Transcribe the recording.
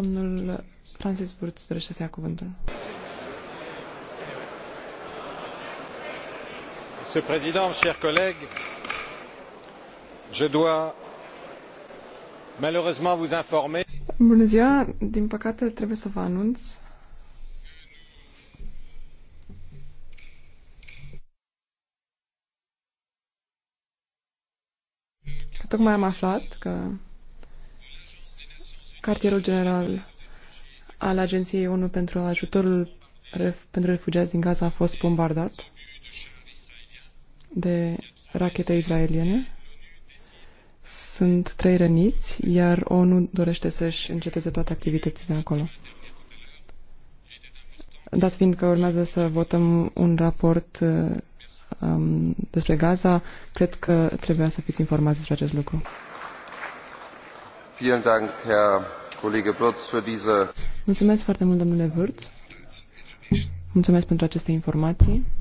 Domnul Francis Burt dorește să ia cuvântul. Monsieur le Président, chers collègues, je dois malheureusement vous informer. Bună ziua, din păcate trebuie să vă anunț Tocmai am aflat că cartierul general al Agenției ONU pentru ajutorul pentru refugiați din Gaza a fost bombardat de rachete israeliene. Sunt trei răniți, iar ONU dorește să-și înceteze toate activitățile acolo. Dat fiind că urmează să votăm un raport um, despre Gaza, cred că trebuia să fiți informați despre acest lucru. Vielen Dank, Herr Mulțumesc foarte mult, domnule Vârț. Mulțumesc pentru aceste informații.